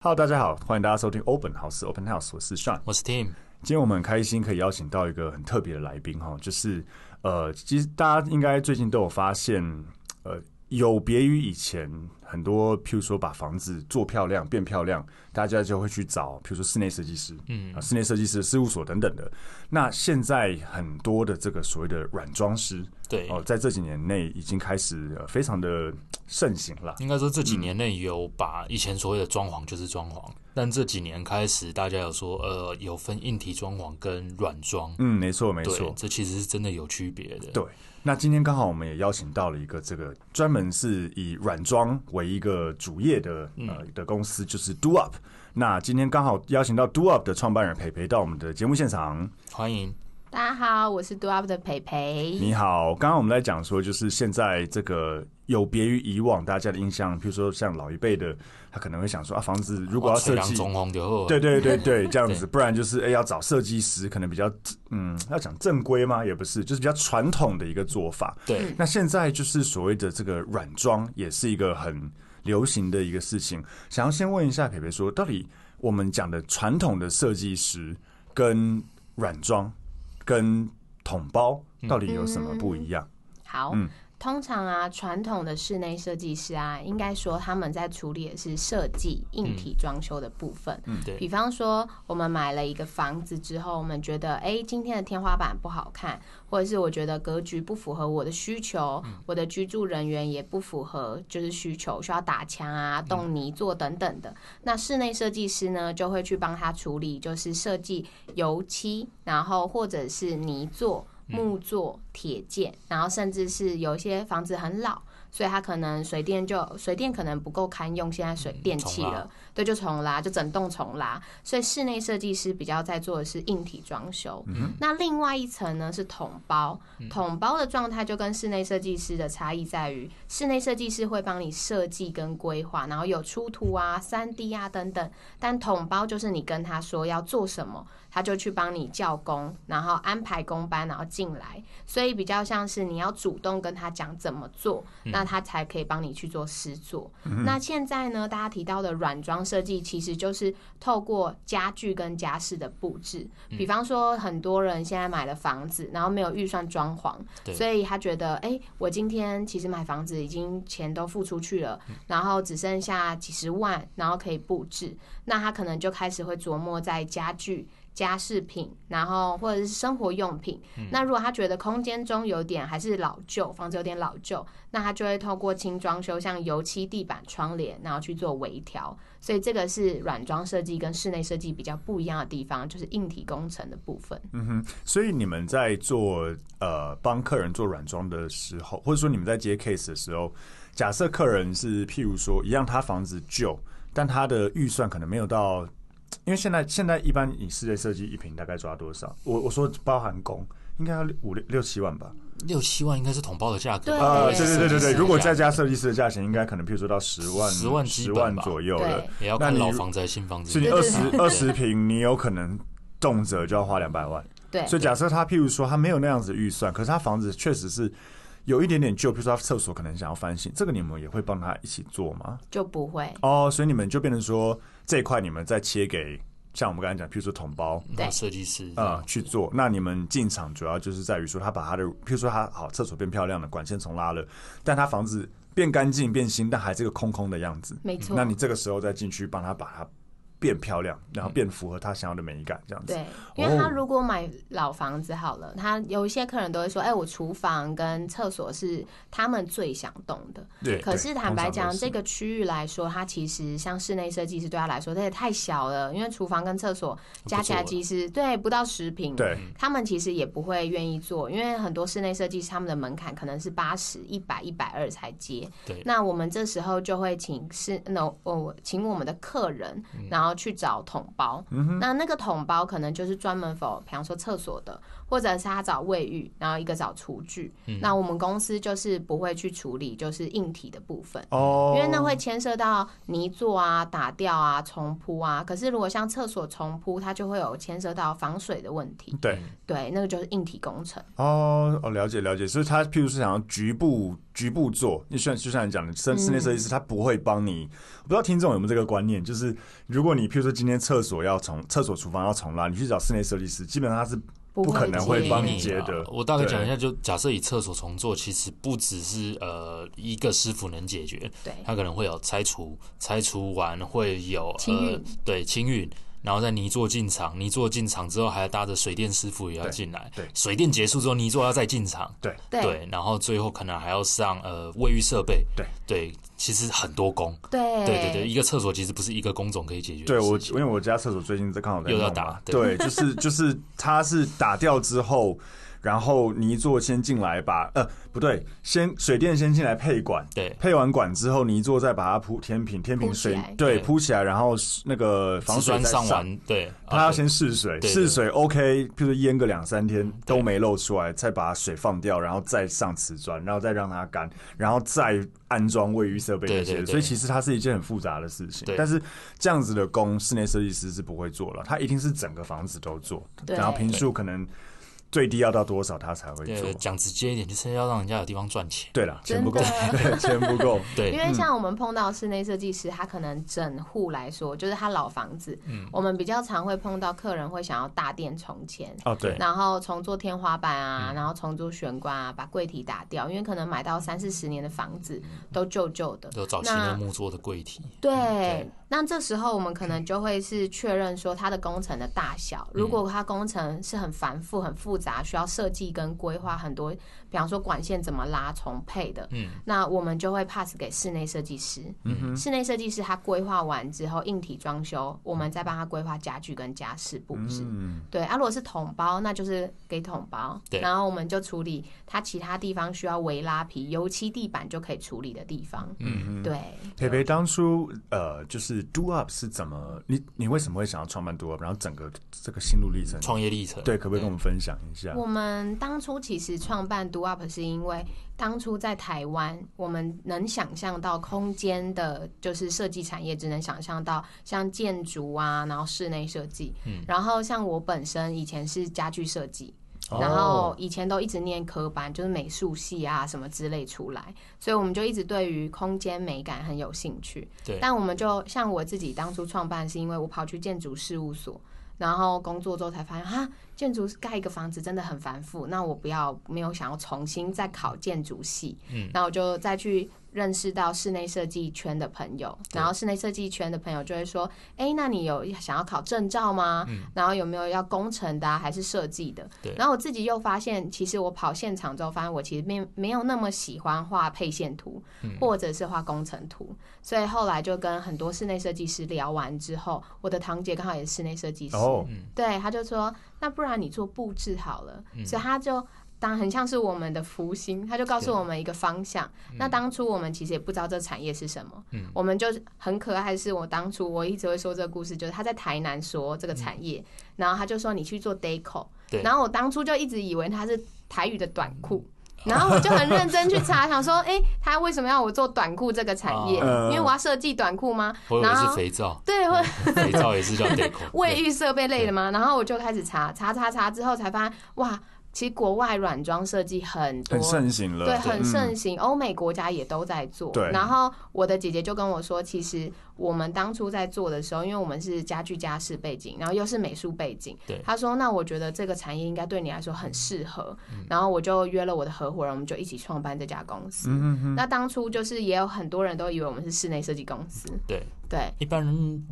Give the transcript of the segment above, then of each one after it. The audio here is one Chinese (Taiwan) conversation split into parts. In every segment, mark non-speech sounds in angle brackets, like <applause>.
Hello，大家好，歡迎大家收聽 Open House，Open House，我是 Sean，我是 Tim，今天我們很開心可以邀請到一個很特別的來賓哈，就是呃，其實大家應該最近都有發現，呃，有別於以前。很多，譬如說把房子做漂亮、變漂亮，大家就會去找，譬如說室內設計師，嗯，呃、室內設計師事務所等等的。那現在很多的這個所謂的軟裝師，對，哦，在這幾年內已經開始、呃、非常的盛行了。應該說這幾年內有把以前所謂的裝潢就是裝潢、嗯，但這幾年開始大家有說，呃，有分硬體裝潢跟軟裝。嗯，沒錯沒錯，這其實是真的有區別的。對，那今天剛好我們也邀請到了一個這個專門是以軟裝。為一,一個主業的、嗯、呃的公司，就是 Do Up。那今天剛好邀請到 Do Up 的創辦人培培到我們的節目現場，歡迎。大家好，我是 DO UP 的培培。你好，剛剛我們在講說，就是現在這個有別於以往大家的印象，比如說像老一輩的，他可能會想說啊，房子如果要設計，哦，對對對對，這樣子，不然就是哎要找設計師，可能比較嗯要講正規嗎？也不是，就是比較傳統的一個做法。對，那現在就是所謂的這個軟裝，也是一個很流行的一個事情。想要先問一下培培說，到底我們講的傳統的設計師跟軟裝跟統包到底有什麼不一樣？嗯嗯、好，嗯通常啊，傳統的室內設計師啊，應該說他們在處理的是設計硬體裝修的部分嗯。嗯，對。比方說，我們買了一個房子之後，我們覺得哎、欸，今天的天花板不好看，或者是我覺得格局不符合我的需求，嗯、我的居住人員也不符合，就是需求需要打牆啊、動泥作等等的。嗯、那室內設計師呢，就會去幫他處理，就是設計油漆，然後或者是泥作木作、鐵件，然後甚至是有一些房子很老。所以他可能水電就水電，可能不夠堪用，現在水電器了，重拉對，就重拉，就整棟重拉。所以室內設計師比較在做的是硬體裝修。嗯、那另外一層呢是統包，統包的狀態就跟室內設計師的差異在於、嗯，室內設計師會幫你設計跟規劃，然後有出圖啊、三 D 啊等等。但統包就是你跟他說要做什麼，他就去幫你叫工，然後安排工班，然後進來。所以比較像是你要主動跟他講怎麼做，嗯、那。他才可以幫你去做實作，嗯。那現在呢，大家提到的軟裝設計，其實就是透過家具跟家飾的布置。嗯、比方說，很多人現在買了房子，然後沒有預算裝潢，所以他覺得，哎、欸，我今天其實買房子已經錢都付出去了、嗯，然後只剩下幾十萬，然後可以布置。那他可能就開始會琢磨在家具、家飾品，然後或者是生活用品。嗯。那如果他覺得空間中有點還是老舊，房子有點老舊，那他就會透過輕裝修，像油漆、地板、窗簾，然後去做微調。所以這個是軟裝設計跟室內設計比較不一樣的地方，就是硬體工程的部分。嗯哼，所以你們在做呃幫客人做軟裝的時候，或者說你們在接 case 的時候，假設客人是譬如說一樣，他房子舊，但他的預算可能沒有到。因為現在現在一般你室內設計一平大概抓多少？我我說包含工，應該要五六六,六七萬吧？六七萬應該是統包的價格。對對對對對。如果再加設計師的價錢，應該可能譬如說到十萬十萬十萬左右的。也要看老房子還是新房子裡面。是你二十二十平，你, 20, 對對對對你有可能動輒就要花兩百萬。對，對。所以假設他譬如說他沒有那樣子預算，可是他房子確實是。有一點點舊，比如說他廁所可能想要翻新，這個你們也會幫他一起做嗎？就不會哦，oh, 所以你們就變成說這一塊你們再切給像我們剛才講，譬如說統包，對設計師啊、嗯嗯、去做。那你們進場主要就是在於說他把他的，譬如說他好廁所變漂亮了，管線重拉了，但他房子變乾淨變新，但還是一個空空的樣子，嗯、沒錯。那你這個時候再進去幫他把它，變漂亮，然後變符合他想要的美感，這樣子。對，因為他如果買老房子好了，他有一些客人都會說：“哎、欸，我廚房跟廁所是他們最想動的。”對。可是坦白講，這個區域來說，他其實像室內設計師對他來說，他、這個、也太小了，因為廚房跟廁所加起來其實對不到十平。對。他們其實也不會願意做，因為很多室內設計師他們的門檻可能是八十一百一百二才接。對。那我們這時候就會請室，那我請我們的客人，然、嗯、後。去找統包、嗯哼，那那個統包可能就是專門 for，比方說廁所的。或者是他找衛浴，然後一個找廚具，嗯，那我們公司就是不會去處理，就是硬體的部分哦，因為那會牽涉到泥作啊、打掉啊、重鋪啊。可是如果像廁所重鋪，它就會有牽涉到防水的問題，對對，那個就是硬體工程哦哦，了解了解。所以他譬如是想要局部局部做，你像就像你講的室室內設計師，他不會幫你。嗯，我不知道聽眾有沒有這個觀念，就是如果你譬如說今天廁所要重廁所廚房要重拉，你去找室內設計師，基本上他是。不可能會幫你接的。我大概講一下，就假設以廁所重做，其實不只是呃一個師傅能解決，他可能會有拆除，拆除完會有呃，對，清運。然後在泥作進場，泥作進場之後，還要搭着水電師傅也要進來。對，對，水電結束之後，泥作要再進場對。對，對，然後最後可能還要上呃衛浴設備。對，對，其實很多工。對，對，對，對，一個廁所其實不是一個工種可以解決。對我，因為我家廁所最近在剛好在又要打。對，就是就是，它、就是、是打掉之後。 <laughs> 然後泥作先進來把呃不對，先水電先進來配管，對，配完管之後泥作再把它鋪天平天平水鋪對，對鋪起來，然後那個防水再上，上完，對，他要先試水，試水 OK，譬如說淹個兩三天都沒漏出來，再把水放掉，然後再上瓷磚，然後再讓它乾，然後再安裝衛浴設備那些對對對，所以其實它是一件很複雜的事情。對，但是這樣子的工室內設計師是不會做了，他一定是整個房子都做，然後平數可能。最低要到多少，他才會就講直接一點，就是要讓人家有地方賺錢。對啦，錢不夠，錢不夠， <laughs> 對。因為像我們碰到的室內設計師，他可能整戶來說，就是他老房子，嗯，我們比較常會碰到客人會想要打掉重練哦，對，然後重做天花板啊，然後重做玄關啊，嗯、把櫃體打掉，因為可能買到三四十年的房子都舊舊的，有早期木做的櫃體，對。嗯對那這時候我們可能就會是確認說它的工程的大小，如果它工程是很繁複、很複雜，需要設計跟規劃很多。比方說管線怎麼拉重配的，嗯，那我們就會 pass 給室內設計師，嗯哼，室內設計師他規劃完之後，硬體裝修，嗯，我們再幫他規劃家具跟家飾布置，嗯，對。啊，如果是統包，那就是給統包，對，然後我們就處理他其他地方需要微拉皮、油漆、地板就可以處理的地方，嗯，對。培培當初，呃，就是 do up 是怎麼？你你為什麼會想要創辦 do up？然後整個這個心路歷程，創業歷程，對，可不可以跟我們分享一下？我們當初其實創辦 do UP 是因為當初在台灣，我們能想象到空間的，就是設計產業只能想象到像建築啊，然後室內設計，嗯，然後像我本身以前是家具設計，然後以前都一直念科班，就是美術系啊什麼之類出來，所以我們就一直對於空間美感很有興趣。對，但我們就像我自己當初創辦是因為我跑去建築事務所。然後工作之後才發現，哈，建築是蓋一個房子真的很繁複。那我不要，沒有想要重新再考建築系，嗯，那我就再去。認識到室內設計圈的朋友，然後室內設計圈的朋友就會說：“哎，那你有想要考證照嗎、嗯？然後有沒有要工程的、啊、還是設計的？”對，然後我自己又發現，其實我跑現場之後，發現我其實沒沒有那麼喜歡畫配線圖、嗯，或者是畫工程圖，所以後來就跟很多室內設計師聊完之後，我的堂姐剛好也是室內設計師，哦，對，他就說：“那不然你做布置好了。嗯”所以他就。當很像是我們的福星，他就告訴我們一個方向。那當初我們其實也不知道這產業是什麼，嗯，我們就很可愛。是我當初我一直會說這個故事，就是他在台南說這個產業，嗯、然後他就說你去做 DOUP 對。然後我當初就一直以為他是台語的短褲，然後我就很認真去查， <laughs> 想說，哎、欸，他為什麼要我做短褲這個產業？因為我要設計短褲嗎？或、呃、者是肥皂？對，嗯、肥皂也是叫 DOUP 衛 <laughs> 浴設備類的嗎？然後我就開始查查查查，之後才發現，哇！其實國外軟裝設計很多，很盛行了，對，很盛行。歐美國家也都在做。然後我的姐姐就跟我說，其實我們當初在做的時候，因為我們是家具家飾背景，然後又是美術背景。對。她說：“那我覺得這個產業應該對你來說很適合。”然後我就約了我的合夥人，我們就一起創辦這家公司。那當初就是也有很多人都以為我們是室內設計公司。對。對，一般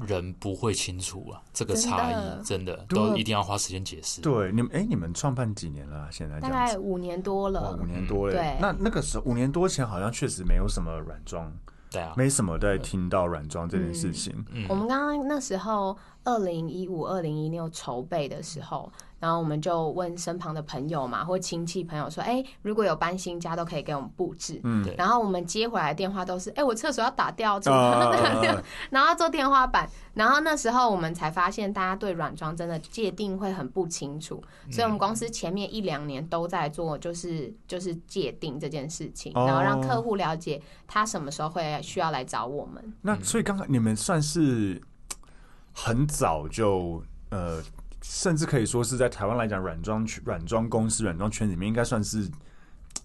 人不會清楚啊，這個差異真的，真的都一定要花時間解釋。對，你們，哎、欸，你們創辦幾年了，啊？現在大概五年多了，哦、五年多了，嗯對。那那個時候，五年多前好像確實沒有什麼軟裝，對啊，沒什麼在聽到軟裝這件事情。嗯、我們剛剛那時候，二零一五、二零一六籌備的時候。然後我們就問身旁的朋友嘛，或親戚朋友說：“哎、欸，如果有搬新家，都可以給我們佈置。”嗯，對。然後我們接回來電話都是：“哎、欸，我廁所要打掉，麼啊、 <laughs> 然後做天花板。”然後那時候我們才發現，大家對軟裝真的界定會很不清楚。嗯嗯嗯，所以，我們公司前面一兩年都在做，就是就是界定這件事情，然後讓客戶了解他什麼時候會需要來找我們、嗯。嗯、那所以，剛剛你們算是很早就呃。甚至可以說是在台灣來講，軟裝軟裝公司、軟裝圈裡面，應該算是，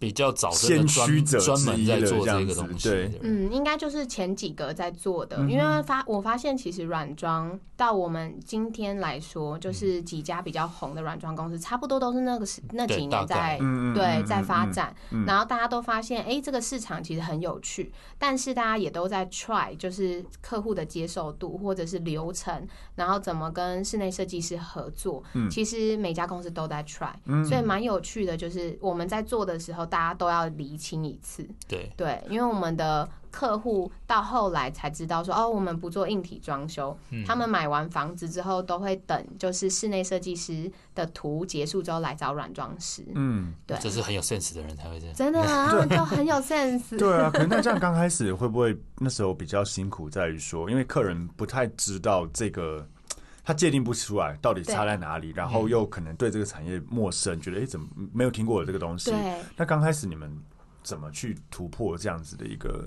比較早的先驅者，專門在做這個東西，對，嗯，應該就是前幾個在做的，因為發我發現其實軟裝到我們今天來說、嗯，就是幾家比較紅的軟裝公司、嗯，差不多都是那個時那幾年在對，對在發展嗯嗯嗯嗯嗯嗯嗯，然後大家都發現哎、欸，這個市場其實很有趣，但是大家也都在 try，就是客戶的接受度或者是流程，然後怎麼跟室內設計師合作、嗯，其實每家公司都在 try，嗯嗯嗯所以蠻有趣的，就是我們在做的時候。大家都要釐清一次，對對，因為我們的客戶到後來才知道說哦，我們不做硬體裝修，嗯，他們買完房子之後都會等，就是室內設計師的圖結束之後來找軟裝師，嗯，對，這是很有 sense 的人才會這樣，真的啊， <laughs> 他們就很有 sense，對， <laughs> 對啊，可能那這樣剛開始會不會那時候比較辛苦，在於說，因為客人不太知道這個。他界定不出來到底差在哪裡，然後又可能對這個產業陌生，覺得誒怎麼沒有聽過有這個東西？那剛開始你們怎麼去突破這樣子的一個？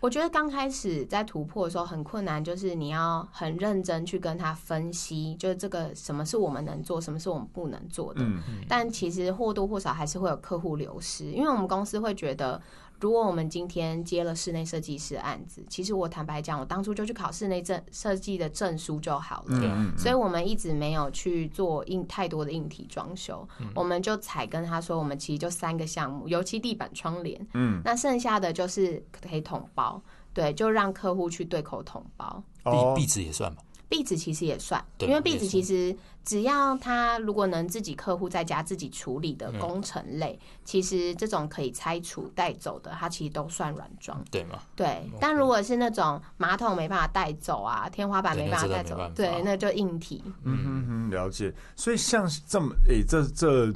我覺得剛開始在突破的時候很困難，就是你要很認真去跟他分析，就這個什麼是我們能做，什麼是我們不能做的。嗯嗯。但其實或多或少還是會有客戶流失，因為我們公司會覺得。如果我們今天接了室內設計師案子，其實我坦白講，我當初就去考室內設計的證書就好了。嗯嗯嗯。所以，我們一直沒有去做太多的硬體裝修。嗯，我們就才跟他說，我們其實就三個項目，尤其地板、窗簾。嗯，那剩下的就是可以統包，對，就讓客戶去對口統包。哦。壁紙也算嗎？壁紙其實也算，對，因為壁紙其實。只要他如果能自己客戶在家自己處理的工程類，嗯、其實這種可以拆除帶走的，它其實都算軟裝、嗯，對嗎？對、嗯。但如果是那種馬桶沒辦法帶走啊，天花板沒辦法帶走、嗯對法，對，那就硬體。嗯哼，了解。所以像這麼誒、欸，這這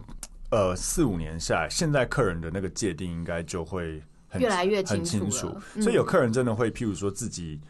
呃，四五年下來，現在客人的那個界定應該就會很越來越清楚，很清楚。所以有客人真的會，譬如說自己。嗯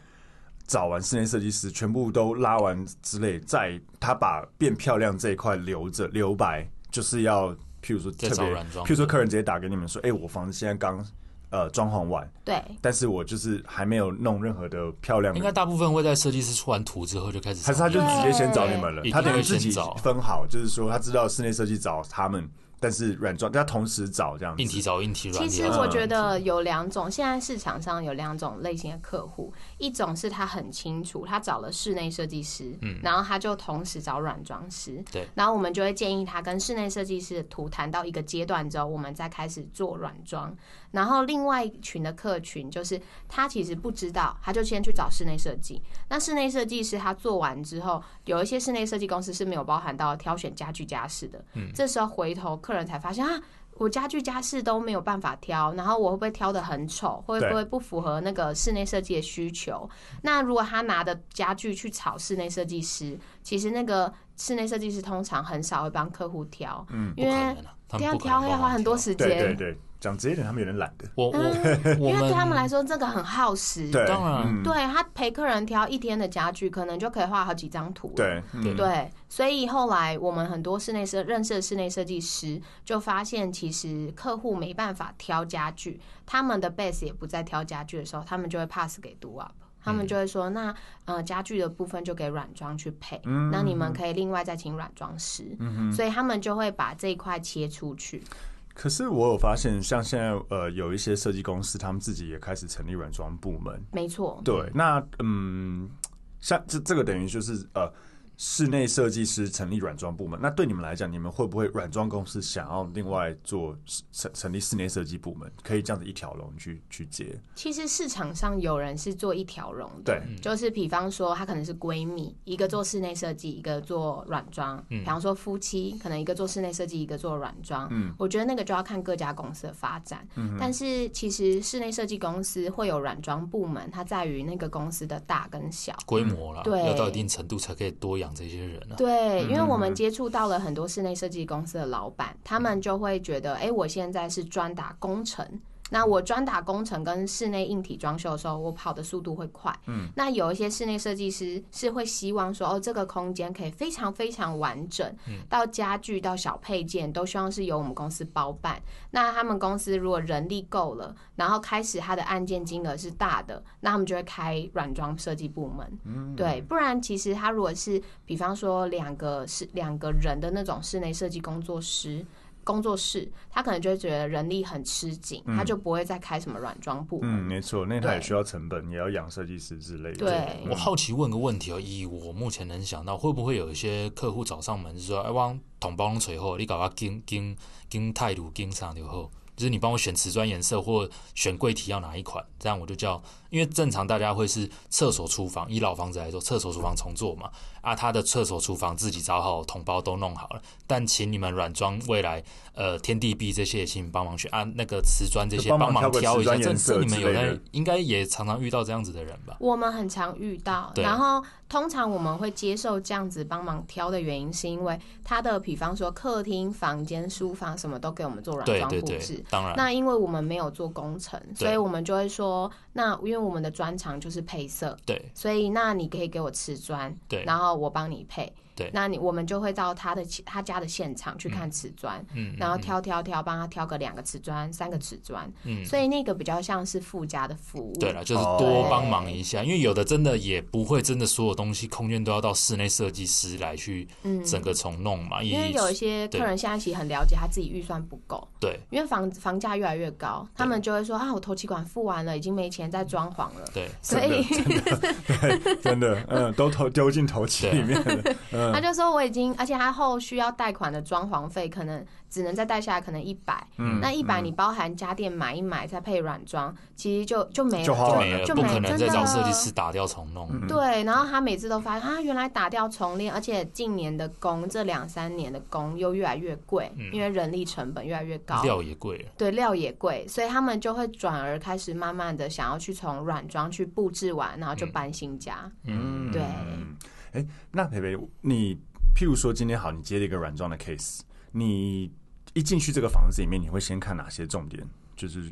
找完室內設計師，全部都拉完之類，再他把變漂亮這一塊留着留白，就是要，譬如說特別軟裝，譬如說客人直接打給你們說，哎、欸，我房子現在剛呃裝潢完，對，但是我就是還沒有弄任何的漂亮，應該大部分會在設計師出完圖之後就開始，還是他就直接先找你們了，對對對，他等於自己分好，就是說他知道室內設計找他們。但是軟裝，他要同時找這樣子，硬體找硬體，軟裝。其實我覺得有兩種、嗯，現在市場上有兩種類型的客戶，一種是他很清楚，他找了室內設計師，嗯，然後他就同時找軟裝師，對、嗯，然後我們就會建議他跟室內設計師的圖談到一個階段之後，我們再開始做軟裝。然後另外一群的客群，就是他其實不知道，他就先去找室內設計。那室內設計師他做完之後，有一些室內設計公司是沒有包含到挑選家具家飾的。嗯。這時候回頭客人才發現啊，我家具家飾都沒有辦法挑，然後我會不會挑得很醜，會不會不符合那個室內設計的需求？那如果他拿的家具去炒室內設計師，其實那個室內設計師通常很少會幫客戶挑，嗯，啊、他挑因為，這樣挑要花很多時間。嗯啊、對對對。講直接點，他們有點懶得我我、 <laughs> 嗯、因為對他們來說，這個很耗時。 <laughs> 對，嗯、對他陪客人挑一天的家具，可能就可以畫好幾張圖。對、嗯，對。所以後來我們很多室內設認識的室內設計師，就發現其實客戶沒辦法挑家具，他們的 base 也不在挑家具的時候，他們就會 pass 給 do up，、嗯、他們就會說：“那呃家具的部分就給軟裝去配、嗯，那你們可以另外再請軟裝師。嗯”所以他們就會把這一塊切出去。可是我有發現，像現在呃，有一些設計公司，他們自己也開始成立軟裝部門。沒錯，對，那嗯，像這這個等於就是呃。室內設計師成立軟裝部門，那對你們來講，你們會不會軟裝公司想要另外做成成立室內設計部門，可以這樣子一條龍去去接？其實市場上有人是做一條龍的，對，就是比方說他可能是閨蜜，一個做室內設計，一個做軟裝。嗯，比方說夫妻，可能一個做室內設計，一個做軟裝。嗯，我覺得那個就要看各家公司的發展。嗯，但是其實室內設計公司會有軟裝部門，它在於那個公司的大跟小規模了，對，要到一定程度才可以多養。這些人、啊、對，因為我們接觸到了很多室內設計公司的老闆，他們就會覺得，哎，我現在是專打工程。那我專打工程跟室內硬體裝修的時候，我跑的速度會快。嗯，那有一些室內設計師是會希望說，哦，這個空間可以非常非常完整，嗯、到家具到小配件都希望是由我們公司包辦。那他們公司如果人力夠了，然後開始他的案件金額是大的，那他們就會開軟裝設計部門。嗯，對，不然其實他如果是比方說兩個是兩個人的那種室內設計工作室。工作室，他可能就會覺得人力很吃緊，嗯，他就不會再開什麼軟裝部。嗯，沒錯，那他也需要成本，也要養設計師之類的。對，對，嗯，我好奇問個問題哦，以我目前能想到，會不會有一些客戶找上門是說，說哎，統包都隨後，你搞他經經經態度經常就好。就是你幫我選瓷磚顏色，或選櫃體要哪一款，這樣我就叫。因為正常大家會是廁所、廚房，以老房子來說，廁所、廚房重做嘛。啊，他的廁所、廚房自己找好，統包都弄好了，但請你們軟裝未來，呃，天地壁這些，請你幫忙選啊，那個瓷磚這些幫忙挑一下。磚磚色這次你們有在，應該也常常遇到這樣子的人吧？我們很常遇到。對。然後。通常我們會接受這樣子幫忙挑的原因，是因為他的比方說客廳、房間、書房什麼都給我們做軟裝布置，對對對，當然。那因為我們沒有做工程，所以我們就會說，那因為我們的專長就是配色，對。所以那你可以給我瓷磚，對，然後我幫你配。對那你我們就會到他的他家的現場去看瓷磚，嗯，然後挑挑挑，幫他挑個兩個瓷磚、嗯、三個瓷磚，嗯，所以那個比較像是附加的服務，對了，就是多幫忙一下，因為有的真的也不會，真的所有東西空間都要到室內設計師來去整個重弄嘛、嗯，因為有一些客人現在其實很了解他自己預算不夠，對，對因為房房價越來越高，他們就會說啊，我頭期款付完了，已經沒錢再裝潢了，對，所以真的, <laughs> 真的對，真的嗯，都投丟進頭期裡面他就說我已經，而且他後續要貸款的裝潢費可能。只能再貸下來可能一百，嗯，那一百你包含家電買一買，再配軟裝，嗯，其實就就沒就沒了，就沒了，就沒了，就，就沒了，不可能再找設計師打掉重弄。嗯。對，然後他每次都發現啊，原來打掉重練，而且近年的工，這兩三年的工又越來越貴，嗯，因為人力成本越來越高，料也貴。對，料也貴，所以他們就會轉而開始慢慢的想要去從軟裝去布置完，然後就搬新家。嗯，對。嗯，嗯，嗯，嗯。欸，那培培，你譬如說今天好，你接了一個軟裝的 case，你。一進去這個房子裡面，你會先看哪些重點？就是，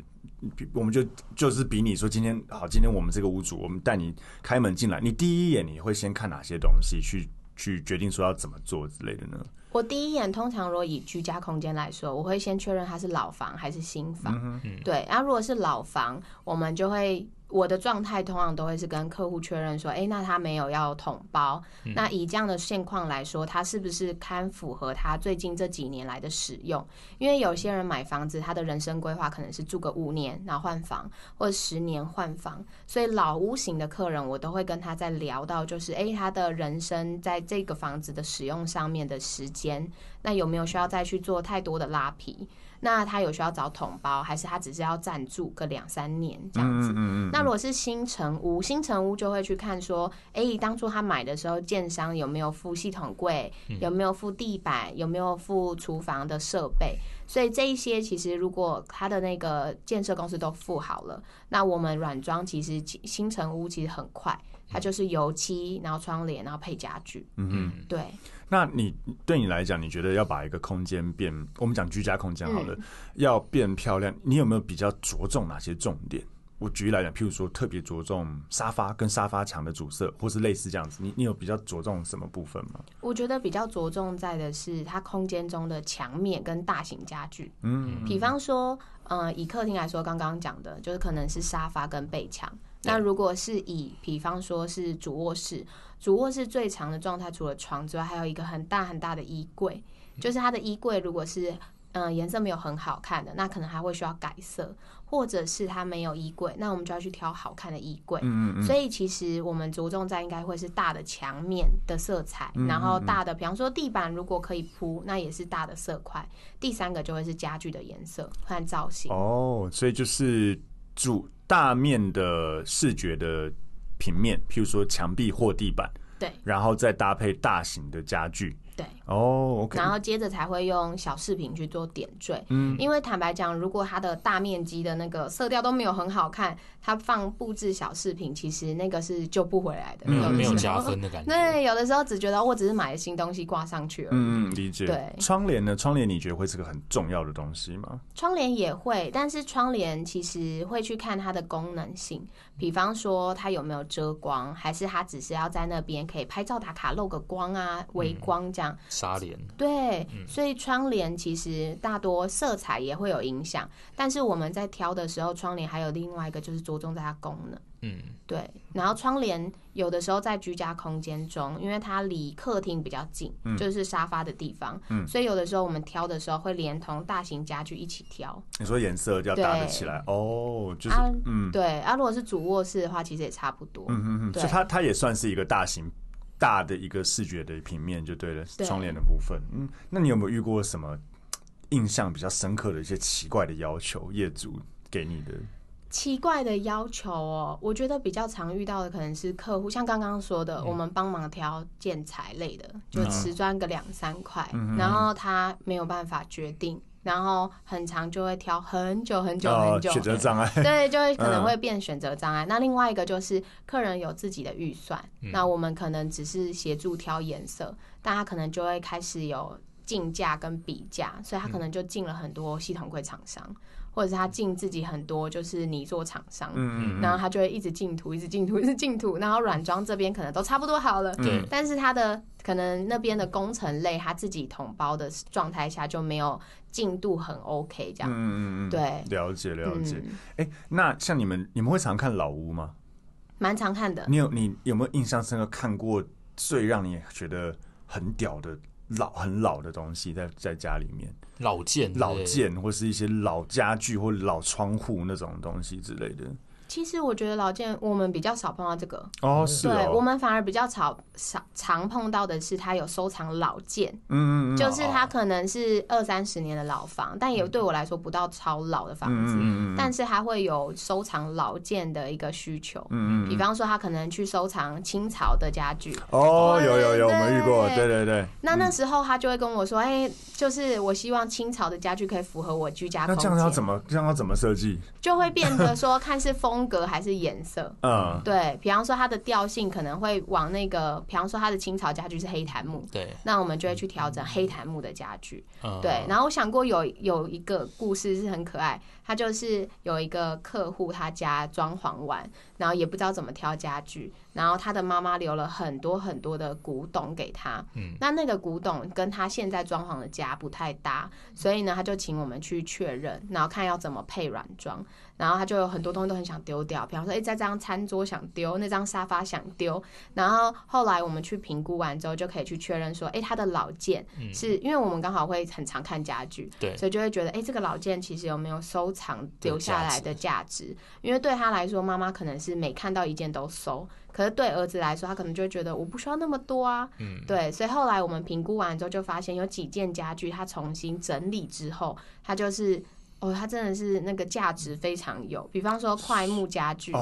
我們就就是比你說今天好，今天我們這個屋主，我們帶你開門進來，你第一眼你會先看哪些東西，去去決定說要怎麼做之類的呢？我第一眼通常如果以居家空間來說，我會先確認它是老房還是新房。嗯嗯對，然後，如果是老房，我們就會。我的狀態通常都會是跟客戶確認說，哎、欸，那他沒有要統包，嗯，那以這樣的現況來說，他是不是堪符合他最近這幾年來的使用？因為有些人買房子，他的人生規劃可能是住個五年，然後換房，或者十年換房，所以老屋型的客人，我都會跟他在聊到，就是哎、欸，他的人生在這個房子的使用上面的時間，那有沒有需要再去做太多的拉皮？那他有需要找統包，還是他只是要暫住個兩三年這樣子？嗯，嗯，嗯那如果是新成屋，新成屋就會去看說，哎、欸，當初他買的時候，建商有沒有附系統櫃、嗯，有沒有附地板，有沒有附廚房的設備？所以這一些其實如果他的那個建設公司都附好了，那我們軟裝其實新成屋其實很快，它就是油漆，然後窗簾，然後配家具。嗯嗯，對。那你對你來講，你覺得要把一個空間變，我們講居家空間好了、嗯，要變漂亮，你有沒有比較着重哪些重點？我舉例來講，譬如說特別着重沙發跟沙發牆的主色，或是類似這樣子，你你有比較着重什麼部分嗎？我覺得比較着重在的是它空間中的牆面跟大型家具，嗯，嗯，嗯，比方說，嗯、呃，以客廳來說剛剛，剛剛講的就是可能是沙發跟背牆。那如果是以比方說是主臥室，主臥室最長的狀態除了床之外，還有一個很大很大的衣櫃，就是它的衣櫃如果是。嗯，顏色沒有很好看的，那可能還會需要改色，或者是它沒有衣櫃，那我們就要去挑好看的衣櫃。嗯，嗯，嗯。所以其實我們着重在應該會是大的牆面的色彩。嗯嗯嗯，然後大的，比方說地板如果可以鋪，那也是大的色塊。第三個就會是家具的顏色和造型。哦，所以就是主大面的視覺的平面，譬如說牆壁或地板。對。然後再搭配大型的家具。對。哦、oh, okay.，然後接着才會用小飾品去做點綴。嗯，因為坦白講，如果它的大面積的那個色調都沒有很好看，它放布置小飾品，其實那個是救不回來的。嗯，沒有加分的感覺。對，有的時候只覺得我只是買了新東西掛上去了。嗯，理解。對，窗簾呢？窗簾你覺得會是個很重要的東西嗎？窗簾也會，但是窗簾其實會去看它的功能性，比方說它有沒有遮光，還是它只是要在那邊可以拍照打卡露個光啊，微光這樣。嗯紗簾對，所以窗簾其實大多色彩也會有影響，但是我們在挑的時候，窗簾還有另外一個就是着重在它功能，嗯，對。然後窗簾有的時候在居家空間中，因為它離客廳比較近，就是沙發的地方，嗯，嗯，所以有的時候我們挑的時候會連同大型家具一起挑。你說顏色要搭得起來哦，就是、啊、嗯，對。啊，如果是主臥室的話，其實也差不多，嗯嗯對，它它也算是一個大型。大的一個視覺的平面就對了，對，窗簾的部分。嗯，那你有沒有遇過什麼印象比較深刻的一些奇怪的要求？業主給你的奇怪的要求哦，我覺得比較常遇到的可能是客戶，像剛剛說的，嗯、我們幫忙挑建材類的，嗯、就瓷磚個兩三塊、嗯，然後他沒有辦法決定。然後很常就會挑很久很久很久，oh, 選擇障礙，對，就會可能會變選擇障礙。嗯、那另外一個就是客人有自己的預算，嗯，那我們可能只是協助挑顏色，但他可能就會開始有競價跟比價，所以他可能就進了很多系統櫃廠商。嗯或者是他進自己很多，就是泥作廠商、嗯，然後他就會一直進土，一直進土，一直進土。然後軟裝這邊可能都差不多好了，嗯、但是他的可能那邊的工程類他自己統包的狀態下就沒有進度很 OK 這樣。嗯、對，了解了解。哎、嗯欸，那像你們，你們會常看老屋嗎？蠻常看的。你有你有沒有印象深刻看過最讓你覺得很屌的？老很老的東西在在家裡面，老件、老件、對，或是一些老家具或老窗戶那種東西之類的。其實我覺得老件我們比較少碰到這個哦，是哦。對，我們反而比較少少常碰到的是他有收藏老件。嗯嗯，就是他可能是二三十年的老房，嗯、但也對我來說不到超老的房子、嗯，但是他會有收藏老件的一個需求，嗯嗯，比方說他可能去收藏清朝的家具，哦，嗯、有有有，我們遇過，對對對。那那時候他就會跟我說，哎、欸，就是我希望清朝的家具可以符合我居家，那這樣要怎麼這樣要怎麼設計？就會變得說看似風。 <laughs> 風格還是顏色，嗯、uh.，對，比方說它的調性可能會往那個，比方說它的清朝家具是黑檀木，對，那我們就會去調整黑檀木的家具，uh. 對。然後我想過有有一個故事是很可愛。他就是有一個客戶，他家裝潢完，然後也不知道怎麼挑家具，然後他的媽媽留了很多很多的古董給他，嗯，那那個古董跟他現在裝潢的家不太搭，所以呢，他就請我們去確認，然後看要怎麼配軟裝，然後他就有很多東西都很想丟掉，比方說，哎、欸，在這張餐桌想丟，那張沙發想丟，然後後來我們去評估完之後，就可以去確認說，欸，他的老件是，嗯，因為我們剛好會很常看家具，對，所以就會覺得，欸，這個老件其實有沒有收。留下來的價值，值，因為對他來說，媽媽可能是每看到一件都收，可是對兒子來說，他可能就覺得我不需要那麼多啊。嗯，對，所以後來我們評估完之後，就發現有幾件家具，他重新整理之後，他就是哦，他真的是那個價值非常有。比方說，檜木家具，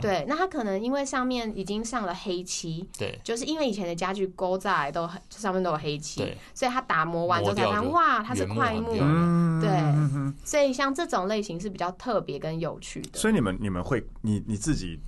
對，那他可能因為上面已經上了黑漆，對，就是因為以前的家具勾在都很，就上面都有黑漆對，所以他打磨完之後才發現，哇，它是檜木，對。嗯，所以像這種類型是比較特別跟有趣的。所以你們你們會你你自己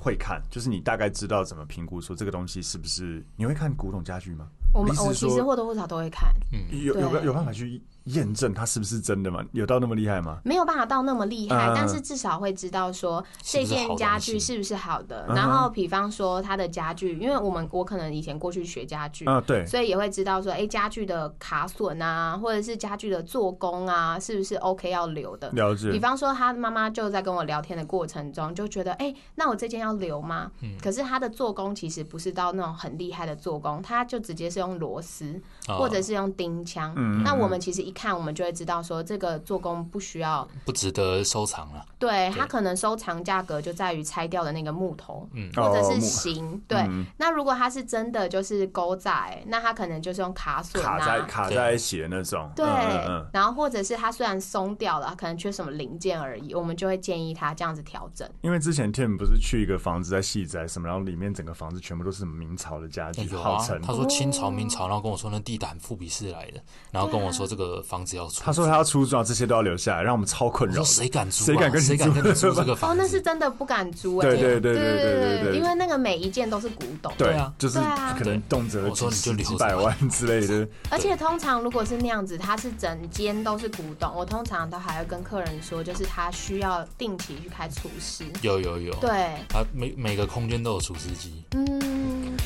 會看，就是你大概知道怎麼評估，說這個東西是不是你會看古董家具嗎？我們我其實或多或少都會看，嗯、有有有辦法去驗證它是不是真的嗎？有到那麼厲害嗎？沒有辦法到那麼厲害、啊，但是至少會知道說這件家具是不是好的。是是好，然後比方說他的家具，因為我們我可能以前過去學家具啊，對，所以也會知道說，哎、欸，家具的卡榫啊，或者是家具的做工啊，是不是 OK 要留的？了解。比方說，他媽媽就在跟我聊天的過程中就覺得，哎、欸，那我這件要留嗎？嗯。可是它的做工其實不是到那種很厲害的做工，它就直接是用。用螺絲或者是用釘槍、哦，那我們其實一看，我們就會知道說這個做工不需要，不值得收藏了、啊。對，它可能收藏價格就在於拆掉的那個木頭，嗯、或者是型、哦。對、嗯，那如果它是真的就是狗仔，那它可能就是用卡榫卡在卡在一起的那種。對，對嗯嗯嗯然後或者是它雖然鬆掉了，可能缺什麼零件而已，我們就會建議它這樣子調整。因為之前 Tim 不是去一個房子在細宅什麼，然後裡面整個房子全部都是明朝的家具，號、欸、稱、啊，他說清朝。明朝，然後跟我說那地毯富比士來的，然後跟我說這個房子要出租，他說他要出租，啊，這些都要留下來，讓我們超困擾。誰敢租啊？誰敢跟誰、啊、敢跟他出租這個房子？ <laughs> 哦，那是真的不敢租哎、欸！對對，對對對對對對，因為那個每一件都是古董，對啊，就是可能動輒幾十、幾百萬之類的。 <laughs> 而且通常如果是那樣子，他是整間都是古董，我通常都還要跟客人說，就是他需要定期去開除濕，有有有，對他每每個空間都有除濕機，嗯。